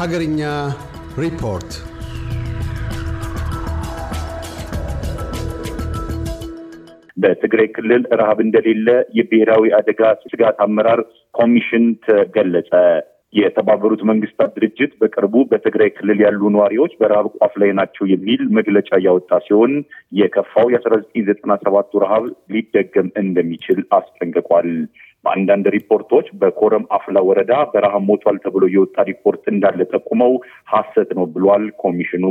Hagarinya report. በትግራይ ክልል ረሃብ እንደሌለ የብሔራዊ አደጋ ስጋት አመራር ኮሚሽን ተገለጸ። የተባበሩት መንግስታት ድርጅት በቅርቡ በትግራይ ክልል ያሉ ነዋሪዎች በረሃብ ቋፍ ላይ ናቸው የሚል መግለጫ ያወጣ ሲሆን የከፋው የአስራ ዘጠኝ ዘጠና ሰባቱ ረሃብ ሊደገም እንደሚችል አስጠንቅቋል። በአንዳንድ ሪፖርቶች በኮረም አፍላ ወረዳ በረሃ ሞቷል ተብሎ የወጣ ሪፖርት እንዳለ ጠቁመው ሀሰት ነው ብሏል። ኮሚሽኑ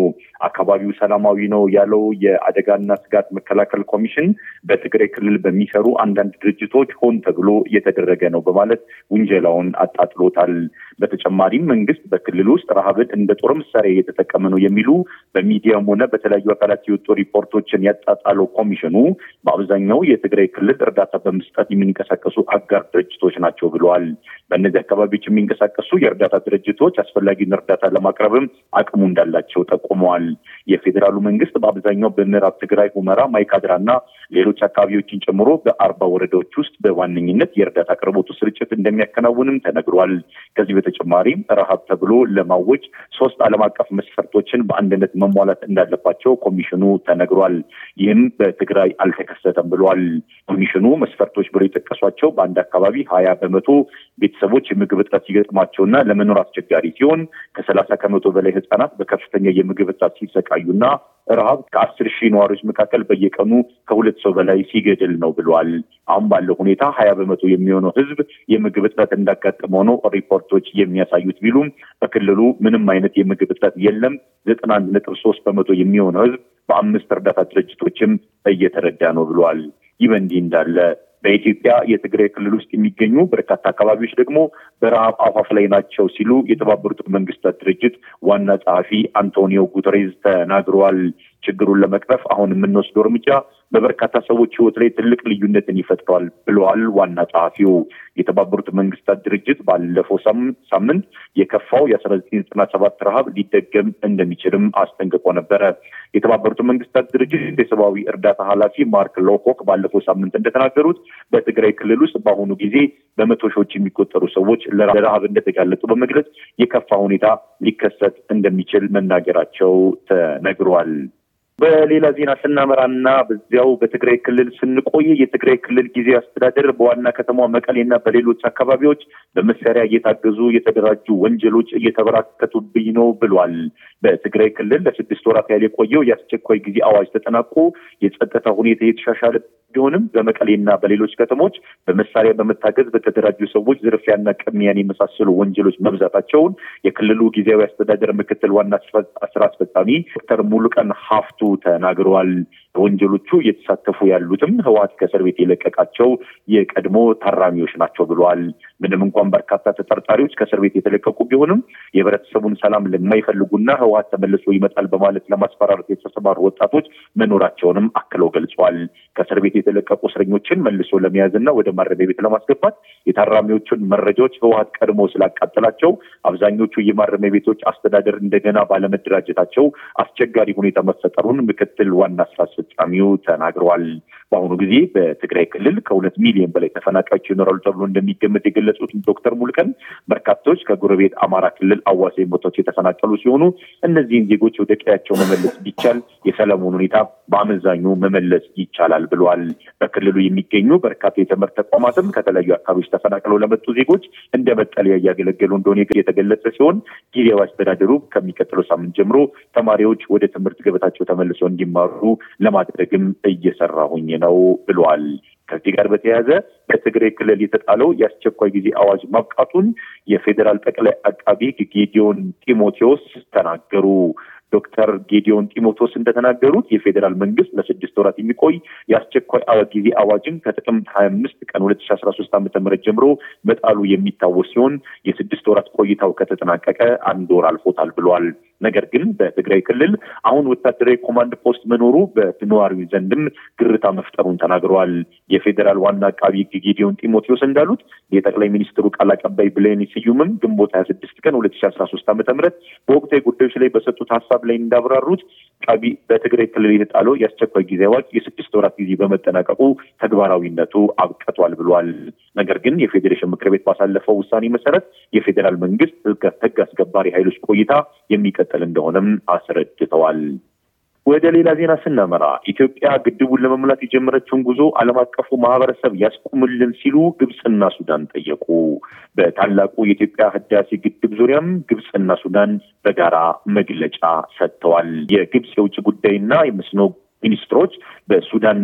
አካባቢው ሰላማዊ ነው ያለው የአደጋና ስጋት መከላከል ኮሚሽን በትግራይ ክልል በሚሰሩ አንዳንድ ድርጅቶች ሆን ተብሎ እየተደረገ ነው በማለት ውንጀላውን አጣጥሎታል። በተጨማሪም መንግስት በክልል ውስጥ ረሃብን እንደ ጦር መሳሪያ እየተጠቀመ ነው የሚሉ በሚዲያም ሆነ በተለያዩ አካላት የወጡ ሪፖርቶችን ያጣጣለው ኮሚሽኑ በአብዛኛው የትግራይ ክልል እርዳታ በመስጠት የሚንቀሳቀሱ አጋር ድርጅቶች ናቸው ብለዋል። በእነዚህ አካባቢዎች የሚንቀሳቀሱ የእርዳታ ድርጅቶች አስፈላጊውን እርዳታ ለማቅረብ ለማቅረብም አቅሙ እንዳላቸው ጠቁመዋል። የፌዴራሉ መንግስት በአብዛኛው በምዕራብ ትግራይ ሁመራ፣ ማይካድራ እና ሌሎች አካባቢዎችን ጨምሮ በአርባ ወረዳዎች ውስጥ በዋነኝነት የእርዳታ አቅርቦቱ ስርጭት እንደሚያከናውንም ተነግሯል። ከዚህ በተጨማሪም ረሃብ ተብሎ ለማወጅ ሶስት ዓለም አቀፍ መስፈርቶችን በአንድነት መሟላት እንዳለባቸው ኮሚሽኑ ተነግሯል። ይህም በትግራይ አልተከሰተም ብሏል። ኮሚሽኑ መስፈርቶች ብሎ የጠቀሷቸው በአንድ አካባቢ ሀያ በመቶ ቤተሰቦች የምግብ እጥረት ሲገጥማቸውና ለመኖር አስቸጋሪ ሲሆን ከሰላሳ ከመቶ በላይ ህጻናት በከፍተኛ የምግብ እጥረት ሲሰቃዩና ረሃብ ከአስር ሺህ ነዋሪዎች መካከል በየቀኑ ከሁለት ሰው በላይ ሲገድል ነው ብሏል። አሁን ባለው ሁኔታ ሀያ በመቶ የሚሆነው ህዝብ የምግብ እጥረት እንዳጋጠመው ነው ሪፖርቶች የሚያሳዩት ቢሉም በክልሉ ምንም አይነት የምግብ እጥረት የለም። ዘጠና አንድ ነጥብ ሶስት በመቶ የሚሆነው ህዝብ በአምስት እርዳታ ድርጅቶችም እየተረዳ ነው ብለዋል። ይህ በእንዲህ እንዳለ በኢትዮጵያ የትግራይ ክልል ውስጥ የሚገኙ በርካታ አካባቢዎች ደግሞ በረሃብ አፋፍ ላይ ናቸው ሲሉ የተባበሩት መንግስታት ድርጅት ዋና ጸሐፊ አንቶኒዮ ጉተሬዝ ተናግረዋል። ችግሩን ለመቅረፍ አሁን የምንወስደው እርምጃ በበርካታ ሰዎች ህይወት ላይ ትልቅ ልዩነትን ይፈጥረዋል ብለዋል ዋና ጸሐፊው። የተባበሩት መንግስታት ድርጅት ባለፈው ሳምንት የከፋው የአስራ ዘጠኝ ዘጠና ሰባት ረሃብ ሊደገም እንደሚችልም አስጠንቅቆ ነበረ። የተባበሩት መንግስታት ድርጅት የሰብአዊ እርዳታ ኃላፊ ማርክ ሎኮክ ባለፈው ሳምንት እንደተናገሩት በትግራይ ክልል ውስጥ በአሁኑ ጊዜ በመቶ ሺዎች የሚቆጠሩ ሰዎች ለረሃብ እንደተጋለጡ በመግለጽ የከፋ ሁኔታ ሊከሰት እንደሚችል መናገራቸው ተነግሯል። በሌላ ዜና ስናመራና በዚያው በትግራይ ክልል ስንቆይ የትግራይ ክልል ጊዜያዊ አስተዳደር በዋና ከተማ መቀሌና በሌሎች አካባቢዎች በመሳሪያ እየታገዙ የተደራጁ ወንጀሎች እየተበራከቱብኝ ነው ብሏል። በትግራይ ክልል ለስድስት ወራት ያህል የቆየው የአስቸኳይ ጊዜ አዋጅ ተጠናቆ የጸጥታ ሁኔታ የተሻሻለ ቢሆንም በመቀሌና በሌሎች ከተሞች በመሳሪያ በመታገዝ በተደራጁ ሰዎች ዝርፊያና ቅሚያን የመሳሰሉ ወንጀሎች መብዛታቸውን የክልሉ ጊዜያዊ አስተዳደር ምክትል ዋና ስራ አስፈጻሚ ዶክተር ሙሉቀን ሀፍቱ ተናግረዋል። ወንጀሎቹ እየተሳተፉ ያሉትም ህወሓት ከእስር ቤት የለቀቃቸው የቀድሞ ታራሚዎች ናቸው ብለዋል። ምንም እንኳን በርካታ ተጠርጣሪዎች ከእስር ቤት የተለቀቁ ቢሆንም የህብረተሰቡን ሰላም ለማይፈልጉና ህወሓት ተመልሶ ይመጣል በማለት ለማስፈራረት የተሰማሩ ወጣቶች መኖራቸውንም አክለው ገልጿል። ከእስር ቤት የተለቀቁ እስረኞችን መልሶ ለመያዝና ወደ ማረሚያ ቤት ለማስገባት የታራሚዎቹን መረጃዎች ህወሀት ቀድሞ ስላቃጠላቸው አብዛኞቹ የማረሚያ ቤቶች አስተዳደር እንደገና ባለመደራጀታቸው አስቸጋሪ ሁኔታ መፈጠሩን ምክትል ዋና ስራ አስፈጻሚው ተናግረዋል። በአሁኑ ጊዜ በትግራይ ክልል ከሁለት ሚሊዮን በላይ ተፈናቃዮች ይኖራሉ ተብሎ እንደሚገመት የገለጹት ዶክተር ሙልቀን በርካቶች ከጎረቤት አማራ ክልል አዋሳኝ ቦታዎች የተፈናቀሉ ሲሆኑ እነዚህን ዜጎች ወደ ቀያቸው መመለስ ቢቻል የሰላሙን ሁኔታ በአመዛኙ መመለስ ይቻላል ብለዋል። በክልሉ የሚገኙ በርካታ የትምህርት ተቋማትም ከተለያዩ አካባቢዎች ተፈናቅለው ለመጡ ዜጎች እንደ መጠለያ እያገለገሉ እንደሆነ የተገለጸ ሲሆን ጊዜያዊ አስተዳደሩ ከሚቀጥለው ሳምንት ጀምሮ ተማሪዎች ወደ ትምህርት ገበታቸው ተመልሰው እንዲማሩ ለማድረግም እየሰራሁኝ ነው ብሏል። ከዚህ ጋር በተያያዘ በትግራይ ክልል የተጣለው የአስቸኳይ ጊዜ አዋጅ ማብቃቱን የፌዴራል ጠቅላይ አቃቢ ጌዲዮን ጢሞቴዎስ ተናገሩ። ዶክተር ጌዲዮን ጢሞቶስ እንደተናገሩት የፌዴራል መንግስት ለስድስት ወራት የሚቆይ የአስቸኳይ ጊዜ አዋጅን ከጥቅምት ሀያ አምስት ቀን ሁለት ሺ አስራ ሶስት ዓመተ ምህረት ጀምሮ መጣሉ የሚታወስ ሲሆን የስድስት ወራት ቆይታው ከተጠናቀቀ አንድ ወር አልፎታል ብሏል። ነገር ግን በትግራይ ክልል አሁን ወታደራዊ ኮማንድ ፖስት መኖሩ በነዋሪው ዘንድም ግርታ መፍጠሩን ተናግረዋል። የፌዴራል ዋና አቃቢ ሕግ ጌዲዮን ጢሞቴዎስ እንዳሉት የጠቅላይ ሚኒስትሩ ቃል አቀባይ ብሌን ስዩምም ግንቦት ሀያ ስድስት ቀን ሁለት ሺ አስራ ሶስት ዓመተ ምህረት በወቅታዊ ጉዳዮች ላይ በሰጡት ሀሳብ ላይ እንዳብራሩት ቃቢ በትግራይ ክልል የተጣለው የአስቸኳይ ጊዜ አዋጅ የስድስት ወራት ጊዜ በመጠናቀቁ ተግባራዊነቱ አብቀቷል ብሏል። ነገር ግን የፌዴሬሽን ምክር ቤት ባሳለፈው ውሳኔ መሰረት የፌዴራል መንግስት ህግ አስከባሪ ኃይሎች ቆይታ የሚቀጥል እንደሆነም አስረድተዋል። ወደ ሌላ ዜና ስናመራ ኢትዮጵያ ግድቡን ለመሙላት የጀመረችውን ጉዞ ዓለም አቀፉ ማህበረሰብ ያስቁምልን ሲሉ ግብፅና ሱዳን ጠየቁ። በታላቁ የኢትዮጵያ ህዳሴ ግድብ ዙሪያም ግብፅና ሱዳን በጋራ መግለጫ ሰጥተዋል። የግብፅ የውጭ ጉዳይና የመስኖ ሚኒስትሮች በሱዳን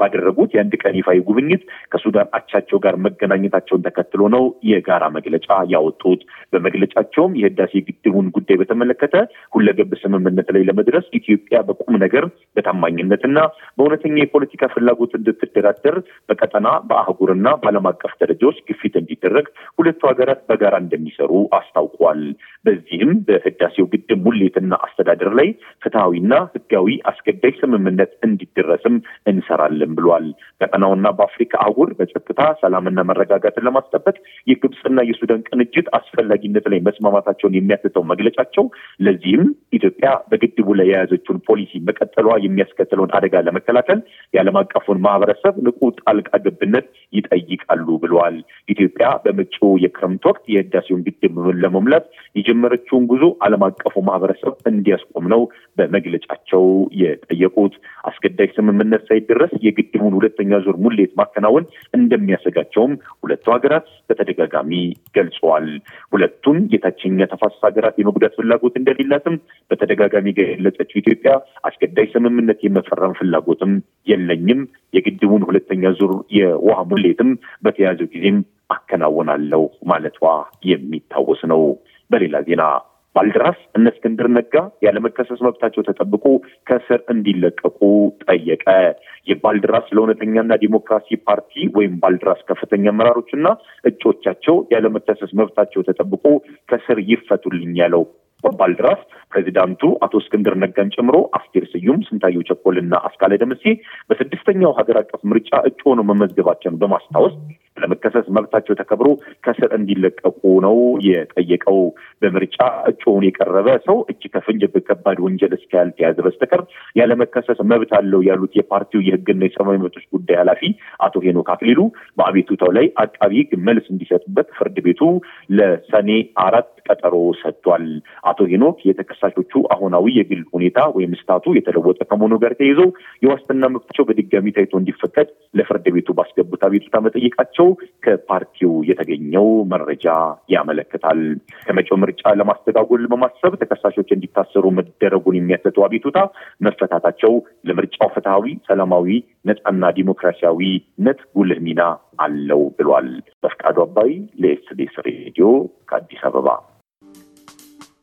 ባደረጉት የአንድ ቀን ይፋዊ ጉብኝት ከሱዳን አቻቸው ጋር መገናኘታቸውን ተከትሎ ነው የጋራ መግለጫ ያወጡት። በመግለጫቸውም የህዳሴ ግድቡን ጉዳይ በተመለከተ ሁለገብ ስምምነት ላይ ለመድረስ ኢትዮጵያ በቁም ነገር በታማኝነትና በእውነተኛ የፖለቲካ ፍላጎት እንድትደራደር በቀጠና በአህጉርና በዓለም አቀፍ ደረጃዎች ግፊት እንዲደረግ ሁለቱ ሀገራት በጋራ እንደሚሰሩ አስታውቋል። በዚህም በህዳሴው ግድብ ሙሌትና አስተዳደር ላይ ፍትሐዊና ህጋዊ አስገዳጅ ስምምነት እንዲደረስም እንሰራለን አይቻልም ብሏል። ቀጠናውና በአፍሪካ አውር በጸጥታ ሰላምና መረጋጋትን ለማስጠበቅ የግብፅና የሱዳን ቅንጅት አስፈላጊነት ላይ መስማማታቸውን የሚያትተው መግለጫቸው ለዚህም ኢትዮጵያ በግድቡ ላይ የያዘችውን ፖሊሲ መቀጠሏ የሚያስከትለውን አደጋ ለመከላከል የዓለም አቀፉን ማህበረሰብ ንቁ ጣልቃ ገብነት ይጠይቃሉ ብለዋል። ኢትዮጵያ በመጪው የክረምት ወቅት የህዳሴውን ግድብ ለመሙላት የጀመረችውን ጉዞ ዓለም አቀፉ ማህበረሰብ እንዲያስቆም ነው በመግለጫቸው የጠየቁት። አስገዳጅ ስምምነት ሳይደረስ የግድቡን ሁለተኛ የሁለተኛ ዙር ሙሌት ማከናወን እንደሚያሰጋቸውም ሁለቱ ሀገራት በተደጋጋሚ ገልጸዋል። ሁለቱም የታችኛ ተፋሰስ ሀገራት የመጉዳት ፍላጎት እንደሌላትም በተደጋጋሚ ገለጸችው ኢትዮጵያ አስገዳጅ ስምምነት የመፈረም ፍላጎትም የለኝም፣ የግድቡን ሁለተኛ ዙር የውሃ ሙሌትም በተያዘው ጊዜም አከናውናለሁ ማለቷ የሚታወስ ነው። በሌላ ዜና ባልደራስ እነ እስክንድር ነጋ ያለመከሰስ መብታቸው ተጠብቆ ከእስር እንዲለቀቁ ጠየቀ። የባልደራስ ለእውነተኛና ዲሞክራሲ ፓርቲ ወይም ባልደራስ ከፍተኛ አመራሮችና እጮቻቸው ያለመከሰስ መብታቸው ተጠብቆ ከእስር ይፈቱልኝ ያለው ባልደራስ ፕሬዚዳንቱ አቶ እስክንድር ነጋን ጨምሮ አስቴር ስዩም፣ ስንታየው ቸኮልና አስካለ ደምሴ በስድስተኛው ሀገር አቀፍ ምርጫ እጩ ሆነው መመዝገባቸውን በማስታወስ ለመከሰስ መብታቸው ተከብሮ ከስር እንዲለቀቁ ነው የጠየቀው። በምርጫ እጩውን የቀረበ ሰው እጅ ከፍንጅ በከባድ ወንጀል እስካልተያዘ በስተቀር ያለመከሰስ መብት አለው ያሉት የፓርቲው የህግና የሰብአዊ መብቶች ጉዳይ ኃላፊ አቶ ሄኖክ አክሊሉ በአቤቱታው ላይ አቃቢ ህግ መልስ እንዲሰጥበት ፍርድ ቤቱ ለሰኔ አራት ቀጠሮ ሰጥቷል። አቶ ሄኖክ የተከሳሾቹ አሁናዊ የግል ሁኔታ ወይም ስታቱ የተለወጠ ከመሆኑ ጋር ተይዞ የዋስትና መብታቸው በድጋሚ ታይቶ እንዲፈቀድ ለፍርድ ቤቱ ባስገቡት አቤቱታ መጠየቃቸው ከፓርቲው የተገኘው መረጃ ያመለክታል። ከመጪው ምርጫ ለማስተጋጎል በማሰብ ተከሳሾች እንዲታሰሩ መደረጉን የሚያሰጡ አቤቱታ መፈታታቸው ለምርጫው ፍትሐዊ፣ ሰላማዊ፣ ነጻና ዲሞክራሲያዊነት ጉልህ ሚና አለው ብሏል። በፍቃዱ አባይ ለኤስቤስ ሬዲዮ ከአዲስ አበባ